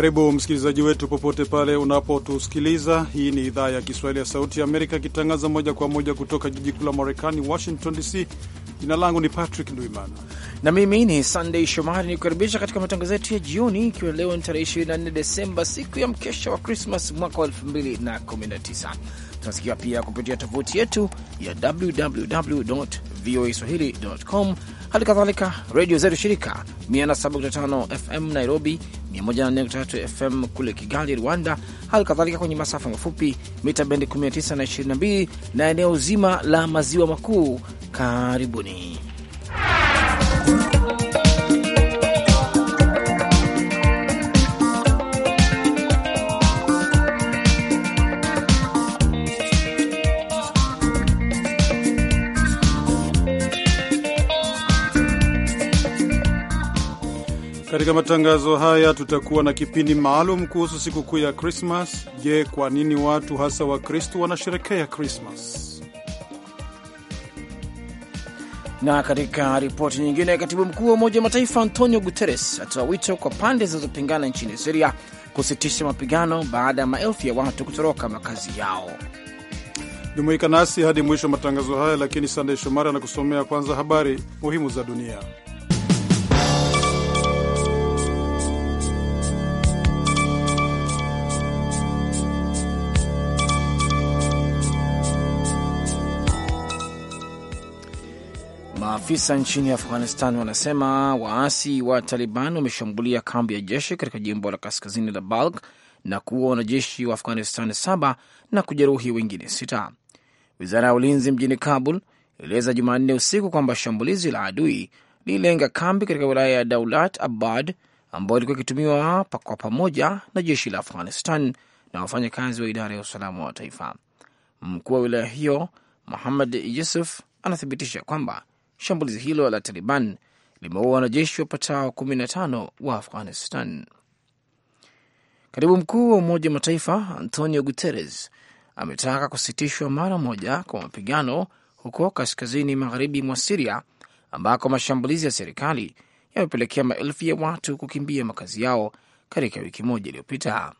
Karibu msikilizaji wetu popote pale unapotusikiliza. Hii ni idhaa ya Kiswahili ya Sauti ya Amerika ikitangaza moja kwa moja kutoka jiji kuu la Marekani, Washington DC. Jina langu ni Patrick Ndwimana na mimi ni Sandey Shomari ni kukaribisha katika matangazo yetu ya jioni, ikiwa leo ni tarehe 24 Desemba, siku ya mkesha wa Krismas mwaka wa 2019. Tunasikia pia kupitia tovuti yetu ya www voa swahili.com, hali kadhalika redio zetu shirika 107.5 FM Nairobi, 143 FM kule Kigali, Rwanda, hali kadhalika kwenye masafa mafupi mita bendi 19 na 22 na eneo zima la maziwa makuu. Karibuni. Katika matangazo haya tutakuwa na kipindi maalum kuhusu sikukuu ya Krismas. Je, kwa nini watu hasa Wakristo wanasherekea Krismas? Na katika ripoti nyingine, katibu mkuu wa Umoja wa Mataifa Antonio Guterres atoa wito kwa pande zinazopingana nchini Siria kusitisha mapigano baada ya maelfu ya watu kutoroka makazi yao. Jumuika nasi hadi mwisho wa matangazo haya, lakini Sandey Shomari anakusomea kwanza habari muhimu za dunia. Maafisa nchini Afghanistan wanasema waasi wa Taliban wameshambulia kambi ya jeshi katika jimbo la kaskazini la Balk na kuua wanajeshi wa Afghanistan saba na kujeruhi wengine sita. Wizara ya ulinzi mjini Kabul ilieleza Jumanne usiku kwamba shambulizi la adui lililenga kambi katika wilaya ya Daulat Abad ambayo ilikuwa ikitumiwa kwa pamoja na jeshi la Afghanistan na wafanyakazi wa idara ya usalama wa taifa. Mkuu wa wilaya hiyo Muhammad Yusuf anathibitisha kwamba shambulizi hilo la Taliban limeua wanajeshi wapatao 15 wa Afghanistan. Katibu mkuu wa Umoja wa Mataifa Antonio Guterres ametaka kusitishwa mara moja kwa mapigano huko kaskazini magharibi mwa Siria ambako mashambulizi ya serikali yamepelekea maelfu ya watu kukimbia makazi yao katika wiki moja iliyopita.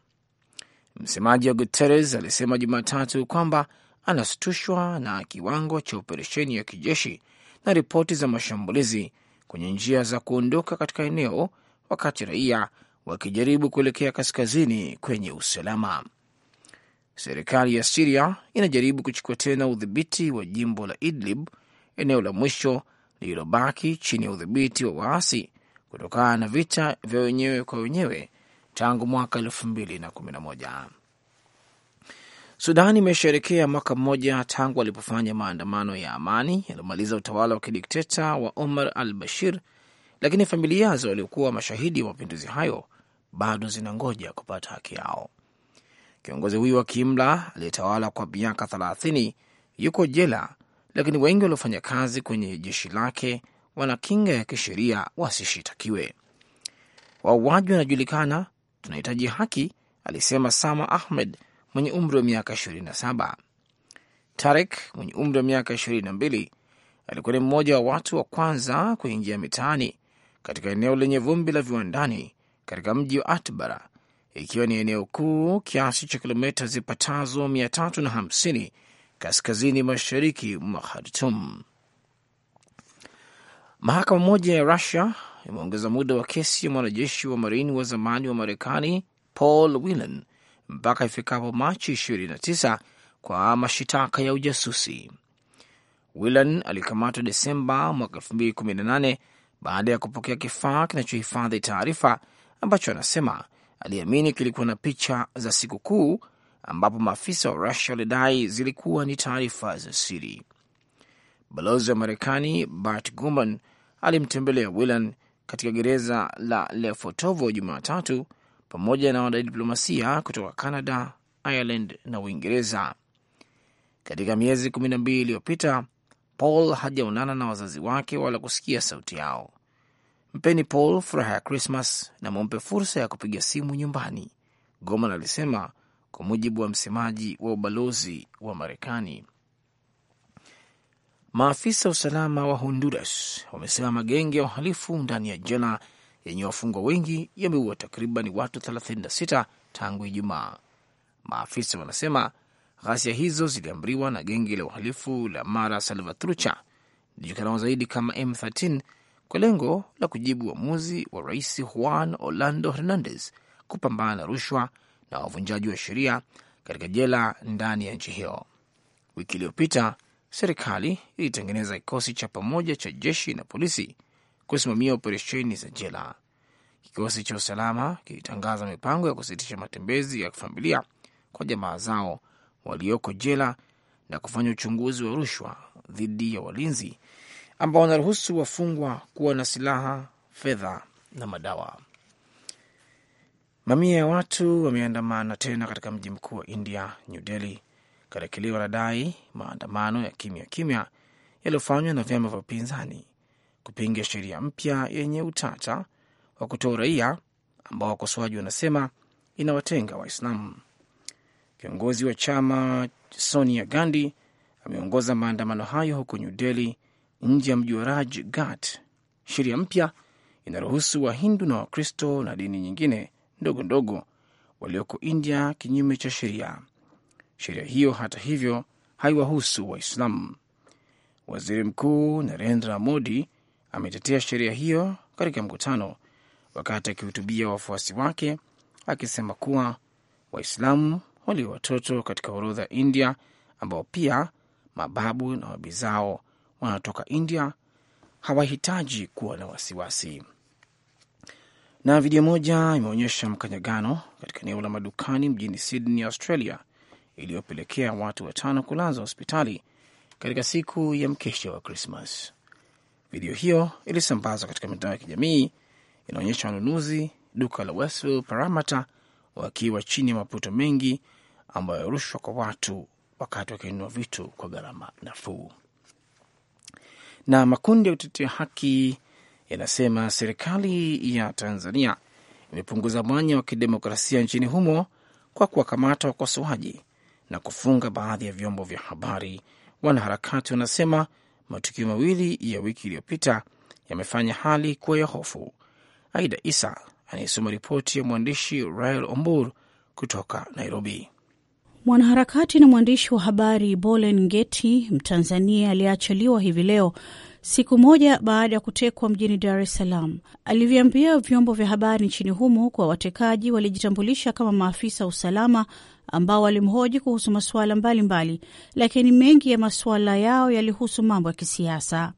Msemaji wa Guterres alisema Jumatatu kwamba anasitushwa na kiwango cha operesheni ya kijeshi na ripoti za mashambulizi kwenye njia za kuondoka katika eneo, wakati raia wakijaribu kuelekea kaskazini kwenye usalama. Serikali ya Siria inajaribu kuchukua tena udhibiti wa jimbo la Idlib, eneo la mwisho lililobaki chini ya udhibiti wa waasi kutokana na vita vya wenyewe kwa wenyewe tangu mwaka 211 Sudan imesherekea mwaka mmoja tangu alipofanya maandamano ya amani yaliyomaliza utawala wa kidikteta wa Omar al Bashir, lakini familia za waliokuwa mashahidi wa mapinduzi hayo bado zinangoja kupata haki yao. Kiongozi huyu wa kiimla aliyetawala kwa miaka 30 yuko jela, lakini wengi waliofanya kazi kwenye jeshi lake wana kinga ya kisheria wasishitakiwe. Wauaji wanajulikana, tunahitaji haki, alisema Sama Ahmed, mwenye umri wa miaka 27. Tarek mwenye umri wa miaka 22 alikuwa ni mmoja wa watu wa kwanza kuingia mitaani katika eneo lenye vumbi la viwandani katika mji wa Atbara, ikiwa ni eneo kuu kiasi cha kilomita zipatazo 350 kaskazini mashariki mwa Khartum. Mahakama moja ya Rusia imeongeza muda wa kesi ya mwanajeshi wa marini wa zamani wa Marekani Paul Whelan mpaka ifikapo Machi 29 kwa mashitaka ya ujasusi. Whelan alikamatwa Desemba mwaka 2018 baada ya kupokea kifaa kinachohifadhi taarifa ambacho anasema aliamini kilikuwa na picha za sikukuu ambapo maafisa wa Rusia walidai zilikuwa ni taarifa za siri. Balozi wa Marekani Bart Guman alimtembelea Whelan katika gereza la Lefortovo Jumatatu pamoja na wanadiplomasia kutoka Canada, Ireland na Uingereza. Katika miezi kumi na mbili iliyopita, Paul hajaonana na wazazi wake wala kusikia sauti yao. Mpeni Paul furaha ya Krismas na mumpe fursa ya kupiga simu nyumbani, Goman alisema, kwa mujibu wa msemaji wa ubalozi wa Marekani. Maafisa usalama wa Honduras wamesema magenge ya uhalifu ndani ya jela yenye wafungwa wengi yameua takriban watu 36 tangu Ijumaa. Maafisa wanasema ghasia hizo ziliamriwa na genge la uhalifu la Mara Salvatrucha lijulikanao zaidi kama M13 kwa lengo la kujibu uamuzi wa, wa rais Juan Orlando Hernandez kupambana na rushwa na wavunjaji wa sheria katika jela ndani ya nchi hiyo. Wiki iliyopita serikali ilitengeneza kikosi cha pamoja cha jeshi na polisi kusimamia operesheni za jela. Kikosi cha usalama kilitangaza mipango ya kusitisha matembezi ya familia kwa jamaa zao walioko jela na kufanya uchunguzi wa rushwa dhidi ya walinzi ambao wanaruhusu wafungwa kuwa na silaha, fedha na madawa. Mamia ya watu wameandamana tena katika mji mkuu wa India, New Delhi, katika kile wanadai maandamano ya kimya kimya yaliyofanywa na vyama vya upinzani kupinga sheria mpya yenye utata wa kutoa uraia ambao wakosoaji wanasema inawatenga Waislamu. Kiongozi wa chama Sonia Gandhi ameongoza maandamano hayo huko New Delhi, nje ya mji wa Raj Ghat. Sheria mpya inaruhusu Wahindu na Wakristo na dini nyingine ndogo ndogo walioko India kinyume cha sheria. Sheria hiyo hata hivyo haiwahusu Waislamu. Waziri Mkuu Narendra Modi ametetea sheria hiyo katika mkutano wakati akihutubia wafuasi wake akisema kuwa Waislamu walio watoto katika orodha ya India ambao pia mababu na wabi zao wanatoka India hawahitaji kuwa na wasiwasi. Na video moja imeonyesha mkanyagano katika eneo la madukani mjini Sydney, Australia, iliyopelekea watu watano kulazwa hospitali katika siku ya mkesha wa Krismas. Video hiyo ilisambazwa katika mitandao ya kijamii, inaonyesha wanunuzi duka la Westfield Paramata wakiwa chini ya maputo mengi ambayo rushwa kwa watu wakati wakinunua vitu kwa gharama nafuu. Na makundi ya kutetea haki yanasema serikali ya Tanzania imepunguza mwanya wa kidemokrasia nchini humo kwa kuwakamata wakosoaji na kufunga baadhi ya vyombo vya habari. Wanaharakati wanasema matukio mawili ya wiki iliyopita yamefanya hali kuwa ya hofu. Aida Isa anayesoma ripoti ya mwandishi Rael Ombur kutoka Nairobi. Mwanaharakati na mwandishi wa habari Bolen Ngeti, Mtanzania aliyeachiliwa hivi leo siku moja baada ya kutekwa mjini Dar es Salaam, alivyoambia vyombo vya habari nchini humo kuwa watekaji walijitambulisha kama maafisa wa usalama ambao walimhoji kuhusu masuala mbalimbali, lakini mengi ya masuala yao yalihusu mambo ya kisiasa.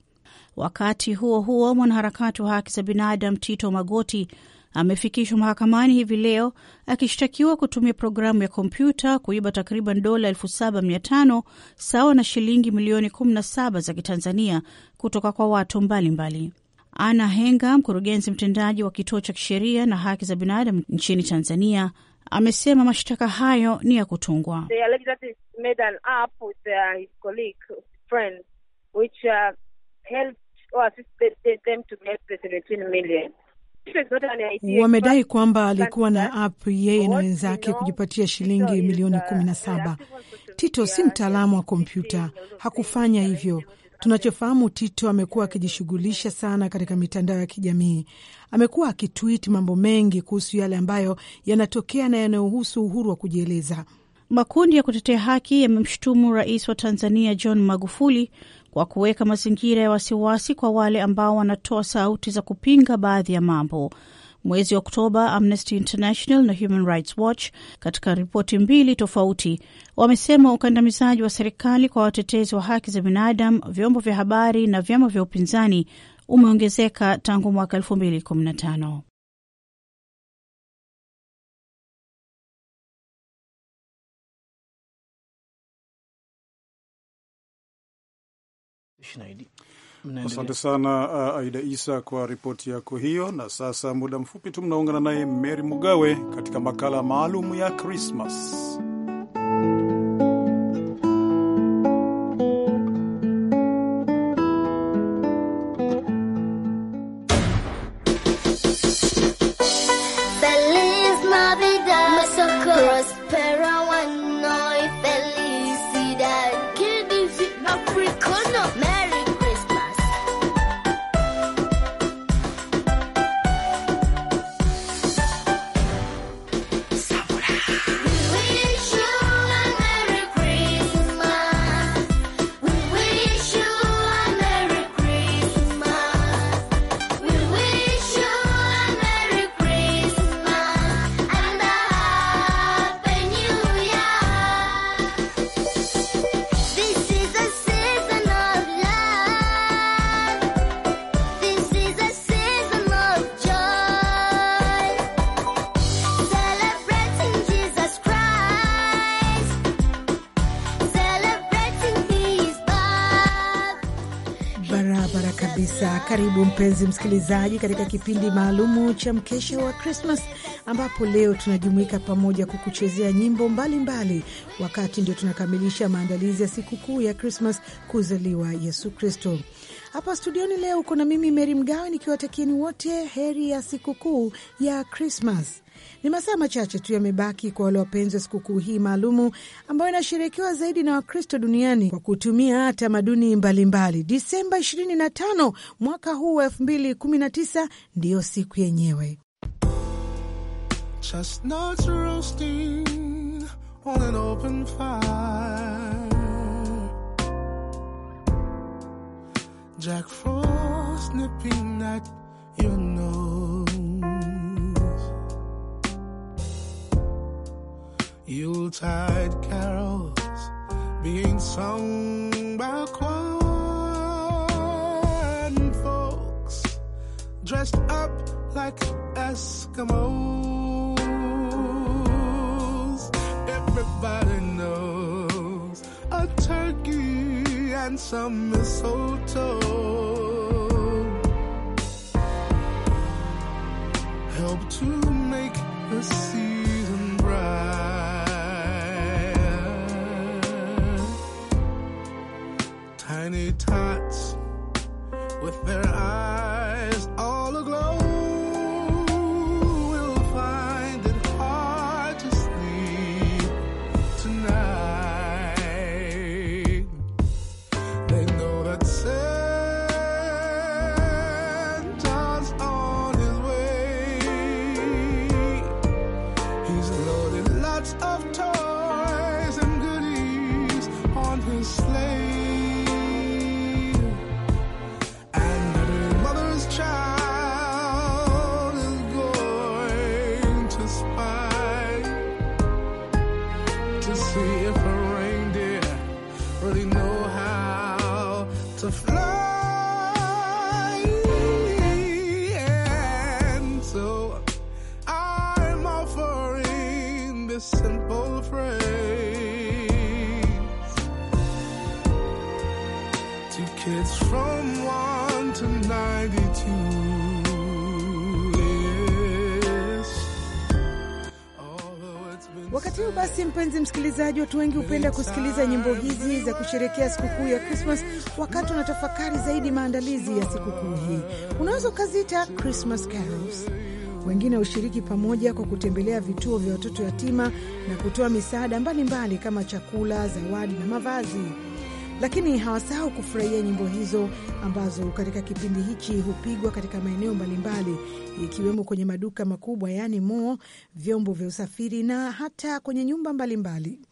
Wakati huo huo, mwanaharakati wa haki za binadamu Tito Magoti amefikishwa mahakamani hivi leo akishtakiwa kutumia programu ya kompyuta kuiba takriban dola 7500 sawa na shilingi milioni 17 za Kitanzania kutoka kwa watu mbalimbali mbali. Ana Henga, mkurugenzi mtendaji wa kituo cha kisheria na haki za binadamu nchini Tanzania, amesema mashtaka hayo ni ya kutungwa. Wamedai kwamba alikuwa na app yeye na wenzake kujipatia shilingi milioni kumi na saba. Tito si mtaalamu wa kompyuta, hakufanya hivyo. Tunachofahamu, Tito amekuwa akijishughulisha sana katika mitandao ya kijamii. Amekuwa akitwit mambo mengi kuhusu yale ambayo yanatokea na yanayohusu uhuru wa kujieleza. Makundi ya kutetea haki yamemshutumu rais wa Tanzania John Magufuli kwa kuweka mazingira ya wasiwasi kwa wale ambao wanatoa sauti za kupinga baadhi ya mambo. Mwezi Oktoba, Amnesty International na Human Rights Watch katika ripoti mbili tofauti wamesema ukandamizaji wa serikali kwa watetezi wa haki za binadamu, vyombo vya habari na vyama vya upinzani umeongezeka tangu mwaka 2015. Shnaidi. Asante sana uh, Aida Isa kwa ripoti yako hiyo. Na sasa muda mfupi tu mnaungana naye mery Mugawe katika makala maalum ya Krismas. mpenzi msikilizaji, katika kipindi maalumu cha mkesha wa Krismas ambapo leo tunajumuika pamoja kukuchezea nyimbo mbalimbali mbali. Wakati ndio tunakamilisha maandalizi ya sikukuu ya Krismas, kuzaliwa Yesu Kristo. Hapa studioni leo uko na mimi Meri Mgawe nikiwatakieni wote heri ya sikukuu ya Krismas. Ni masaa machache tu yamebaki kwa wale wapenzi wa sikukuu hii maalumu ambayo inashirikiwa zaidi na Wakristo duniani kwa kutumia tamaduni mbalimbali. Disemba 25 mwaka huu wa 2019 ndiyo siku yenyewe. Jack Frost nipping at your nose. Yuletide carols being sung by choir and folks dressed up like Eskimos. Everybody knows a turkey and some mistletoe help to make the sea. Basi mpenzi msikilizaji, watu wengi hupenda kusikiliza nyimbo hizi za kusherekea sikukuu ya Krismas wakati unatafakari zaidi maandalizi ya sikukuu hii. Unaweza ukaziita Christmas carols. Wengine hushiriki pamoja kwa kutembelea vituo vya watoto yatima na kutoa misaada mbalimbali kama chakula, zawadi na mavazi lakini hawasahau kufurahia nyimbo hizo ambazo katika kipindi hichi hupigwa katika maeneo mbalimbali ikiwemo kwenye maduka makubwa yaani mo vyombo vya usafiri na hata kwenye nyumba mbalimbali mbali.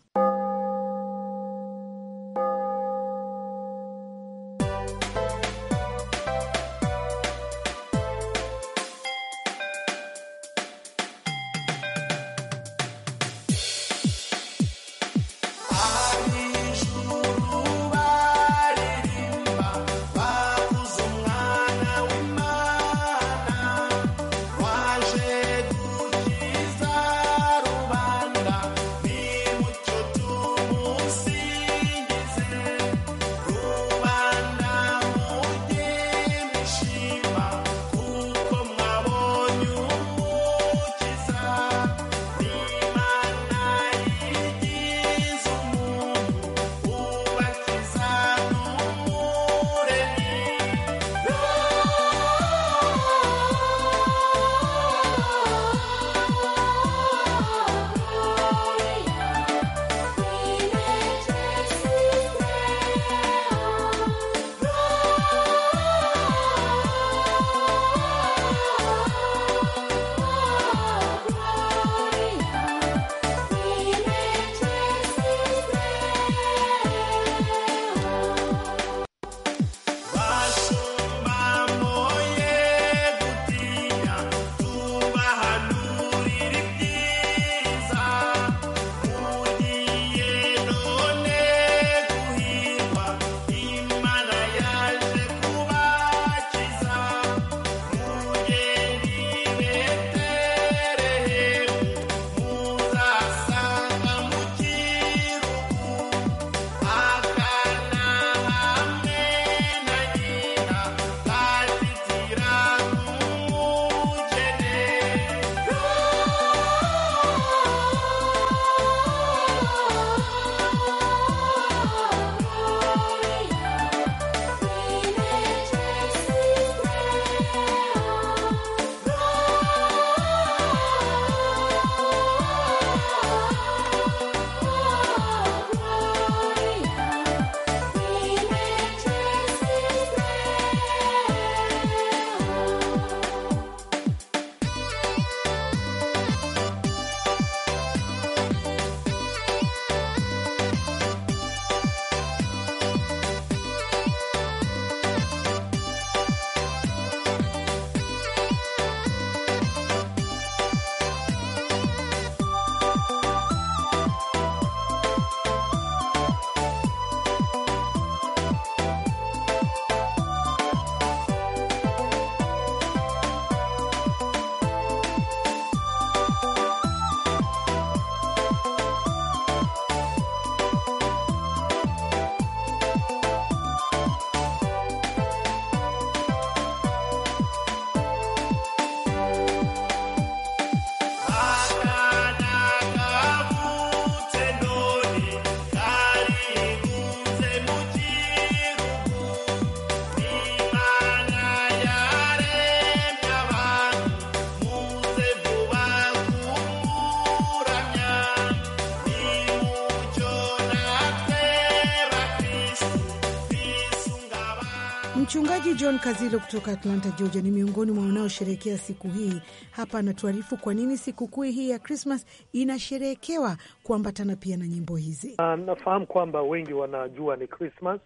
Msikilizaji, John Kazilo kutoka Atlanta, Georgia, ni miongoni mwa wanaosherehekea siku hii. Hapa anatuarifu kwa nini sikukuu hii ya Krismas inasherehekewa kuambatana pia na nyimbo hizi. Uh, nafahamu kwamba wengi wanajua ni Krismas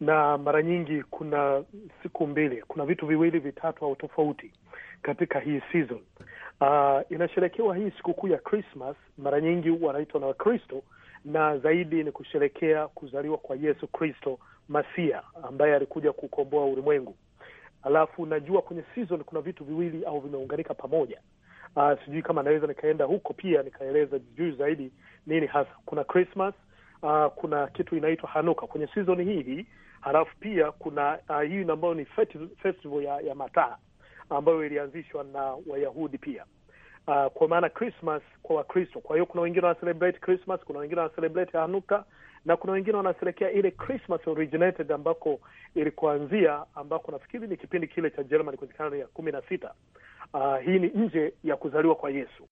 na mara nyingi kuna siku mbili, kuna vitu viwili vitatu au tofauti katika hii season. Uh, inasherekewa hii sikukuu ya Krismas, mara nyingi wanaitwa na Wakristo, na zaidi ni kusherekea kuzaliwa kwa Yesu Kristo Masia ambaye alikuja kukomboa ulimwengu. Alafu najua kwenye season kuna vitu viwili au vimeunganika pamoja. Uh, sijui kama naweza nikaenda huko pia nikaeleza juu zaidi nini hasa. Kuna Christmas, uh, kuna kitu inaitwa Hanuka kwenye season hii hii, halafu pia kuna uh, hii ambayo ni festival ya, ya mataa ambayo ilianzishwa na Wayahudi pia uh, kwa maana Christmas kwa Wakristo. Kwa hiyo kuna wengine wana celebrate Christmas, kuna wengine wana celebrate Hanuka, na kuna wengine wanasherekea ile Christmas originated ambako ilikuanzia, ambako nafikiri ni kipindi kile cha kwenye karne ya kumi na sita. Uh, hii ni nje ya kuzaliwa kwa Yesu.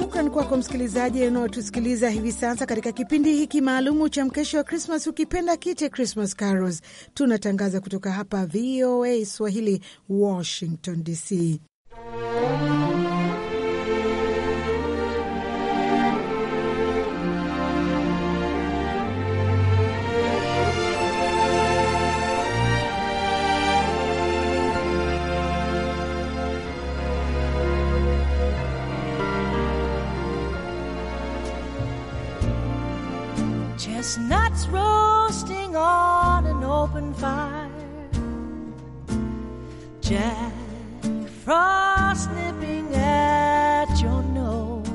Shukran kwako msikilizaji unaotusikiliza hivi sasa katika kipindi hiki maalumu cha mkesho wa Krismas, ukipenda kite Christmas Carols. Tunatangaza kutoka hapa VOA Swahili, Washington DC. fire. Jack Frost nipping at your nose.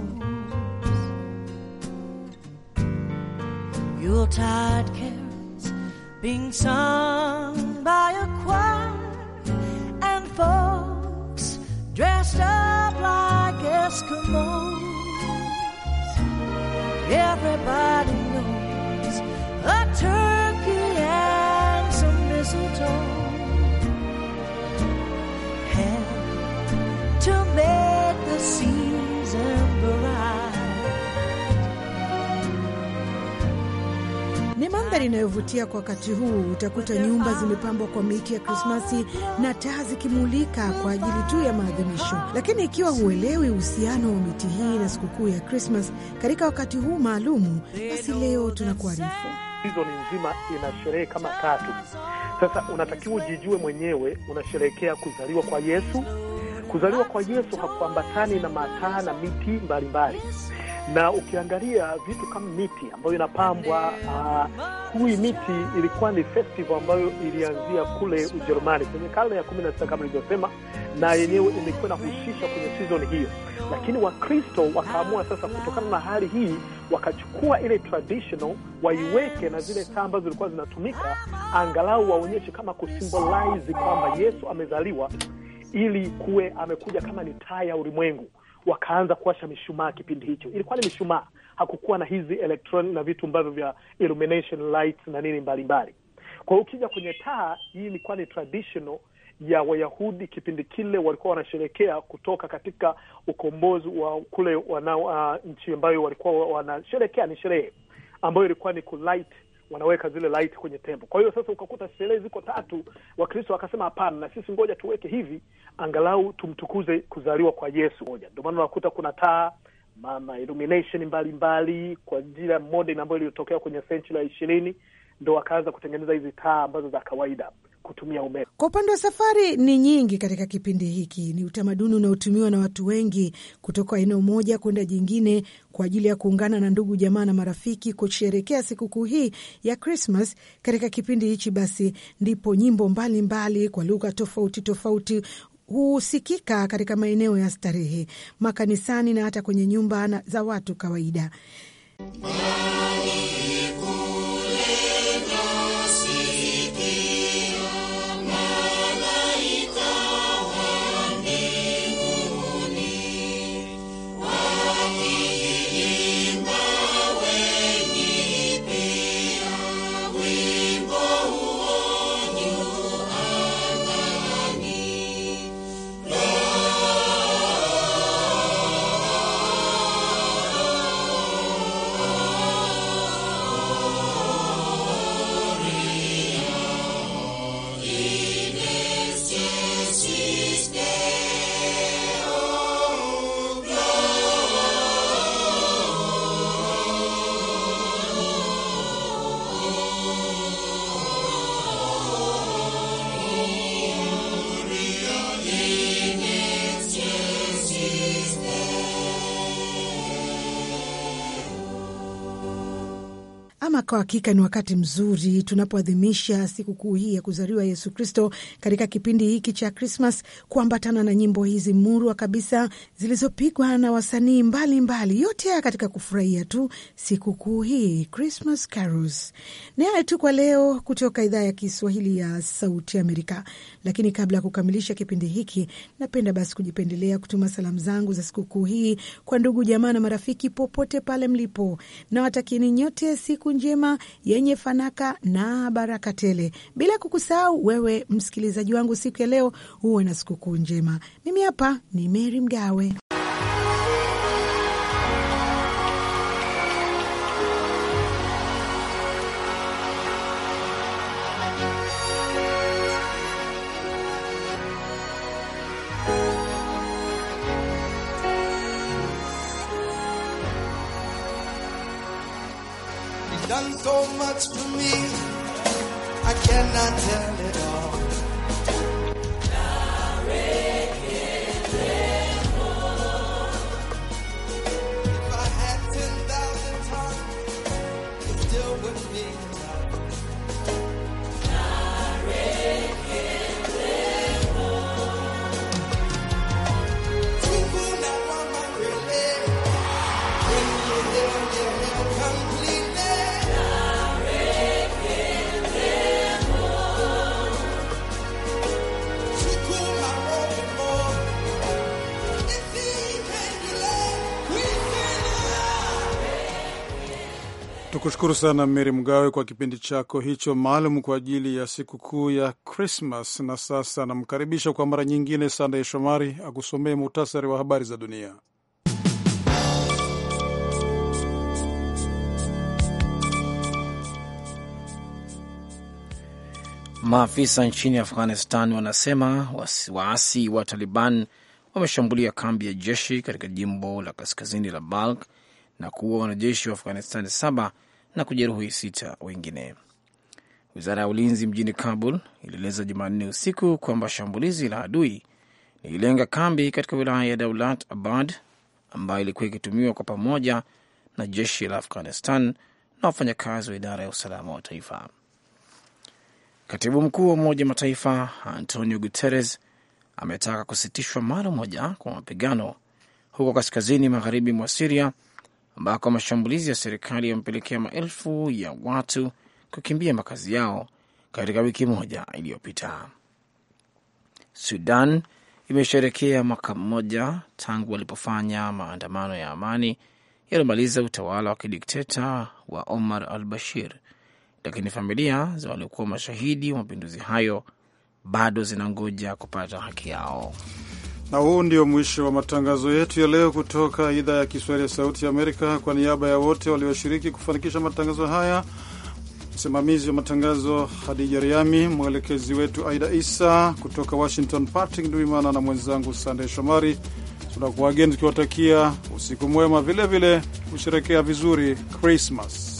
Yuletide carols being sung by a choir and folks dressed up like Eskimos. Everybody Mandhari inayovutia kwa wakati huu, utakuta nyumba zimepambwa kwa miti ya Krismasi na taa zikimulika kwa ajili tu ya maadhimisho. Lakini ikiwa huelewi uhusiano wa miti hii na sikukuu ya Krismas katika wakati huu maalumu, basi leo tunakuarifu hizo ni nzima ina sherehe kama tatu. Sasa unatakiwa ujijue mwenyewe, unasherehekea kuzaliwa kwa Yesu Kuzaliwa kwa Yesu hakuambatani na mataa na miti mbalimbali mbali. Na ukiangalia vitu kama miti ambayo inapambwa ah, hui uh, miti ilikuwa ni festival ambayo ilianzia kule Ujerumani kwenye karne ya kumi na sita kama ilivyosema na yenyewe imekuwa inahusisha kwenye season hiyo, lakini Wakristo wakaamua sasa, kutokana na hali hii, wakachukua ile traditional waiweke na zile taa ambazo zilikuwa zinatumika, angalau waonyeshe kama kusimbolize kwamba Yesu amezaliwa ili kuwe amekuja kama ni taa ya ulimwengu, wakaanza kuwasha mishumaa. Kipindi hicho ilikuwa ni mishumaa, hakukuwa na hizi electron na vitu ambavyo vya illumination lights na nini mbalimbali. Kwa hiyo ukija kwenye taa hii, ilikuwa ni traditional ya Wayahudi kipindi kile, walikuwa wanasherekea kutoka katika ukombozi wa kule wanao, uh, nchi ambayo walikuwa wanasherekea ni sherehe ambayo ilikuwa ni kulight wanaweka zile light kwenye tembo. Kwa hiyo sasa ukakuta sherehe ziko tatu, Wakristo wakasema hapana, na sisi ngoja tuweke hivi, angalau tumtukuze kuzaliwa kwa Yesu moja. Ndio maana unakuta kuna taa mama illumination mbalimbali kwa ajili ya modern ambayo iliyotokea kwenye senchuri ya ishirini, ndo wakaanza kutengeneza hizi taa ambazo za kawaida kutumia umeme. Kwa upande wa safari ni nyingi katika kipindi hiki, ni utamaduni unaotumiwa na watu wengi kutoka eneo moja kwenda jingine kwa ajili ya kuungana na ndugu, jamaa na marafiki kusherekea sikukuu hii ya Krismas. Katika kipindi hichi basi, ndipo nyimbo mbalimbali mbali, kwa lugha tofauti tofauti husikika katika maeneo ya starehe, makanisani na hata kwenye nyumba za watu kawaida. Kwa hakika ni wakati mzuri tunapoadhimisha sikukuu hii ya kuzaliwa Yesu Kristo katika kipindi hiki cha Krismas, kuambatana na nyimbo hizi murwa kabisa zilizopigwa na wasanii mbalimbali, yote haya katika kufurahia tu sikukuu hii, Krismas carols. Ni haya tu kwa leo kutoka idhaa ya Kiswahili ya Sauti Amerika, lakini kabla ya kukamilisha kipindi hiki, napenda basi kujipendelea kutuma salamu zangu za sikukuu hii kwa ndugu, jamaa na marafiki popote pale mlipo, na watakieni nyote siku njema njema yenye fanaka na baraka tele, bila kukusahau wewe msikilizaji wangu. Siku ya leo huwe na sikukuu njema. Mimi hapa ni Meri Mgawe. words for me. I cannot tell. Tunakushukuru sana Meri Mgawe kwa kipindi chako hicho maalum kwa ajili ya sikukuu ya Krismas. Na sasa namkaribisha kwa mara nyingine Sandey Shomari akusomee muhtasari wa habari za dunia. Maafisa nchini Afghanistan wanasema waasi wa Taliban wameshambulia kambi ya jeshi katika jimbo la kaskazini la Balk na kuua wanajeshi wa Afghanistani saba na kujeruhi sita wengine. Wizara ya ulinzi mjini Kabul ilieleza Jumanne usiku kwamba shambulizi la adui lililenga kambi katika wilaya ya Daulat Abad ambayo ilikuwa ikitumiwa kwa pamoja na jeshi la Afghanistan na wafanyakazi wa idara ya usalama wa taifa. Katibu mkuu wa Umoja Mataifa Antonio Guterres ametaka kusitishwa mara moja kwa mapigano huko kaskazini magharibi mwa Siria ambako mashambulizi ya serikali yamepelekea maelfu ya watu kukimbia makazi yao katika wiki moja iliyopita. Sudan imesherekea mwaka mmoja tangu walipofanya maandamano ya amani yaliyomaliza utawala wa kidikteta wa Omar al Bashir, lakini familia za waliokuwa mashahidi wa mapinduzi hayo bado zinangoja kupata haki yao. Na huu ndio mwisho wa matangazo yetu ya leo kutoka idhaa ya Kiswahili ya Sauti ya Amerika. Kwa niaba ya wote walioshiriki kufanikisha matangazo haya, msimamizi wa matangazo Hadija Riami, mwelekezi wetu Aida Isa kutoka Washington, Patrick Ndwimana na mwenzangu Sandey Shomari, tunakuwageni tukiwatakia usiku mwema, vilevile kusherekea vizuri Krismas.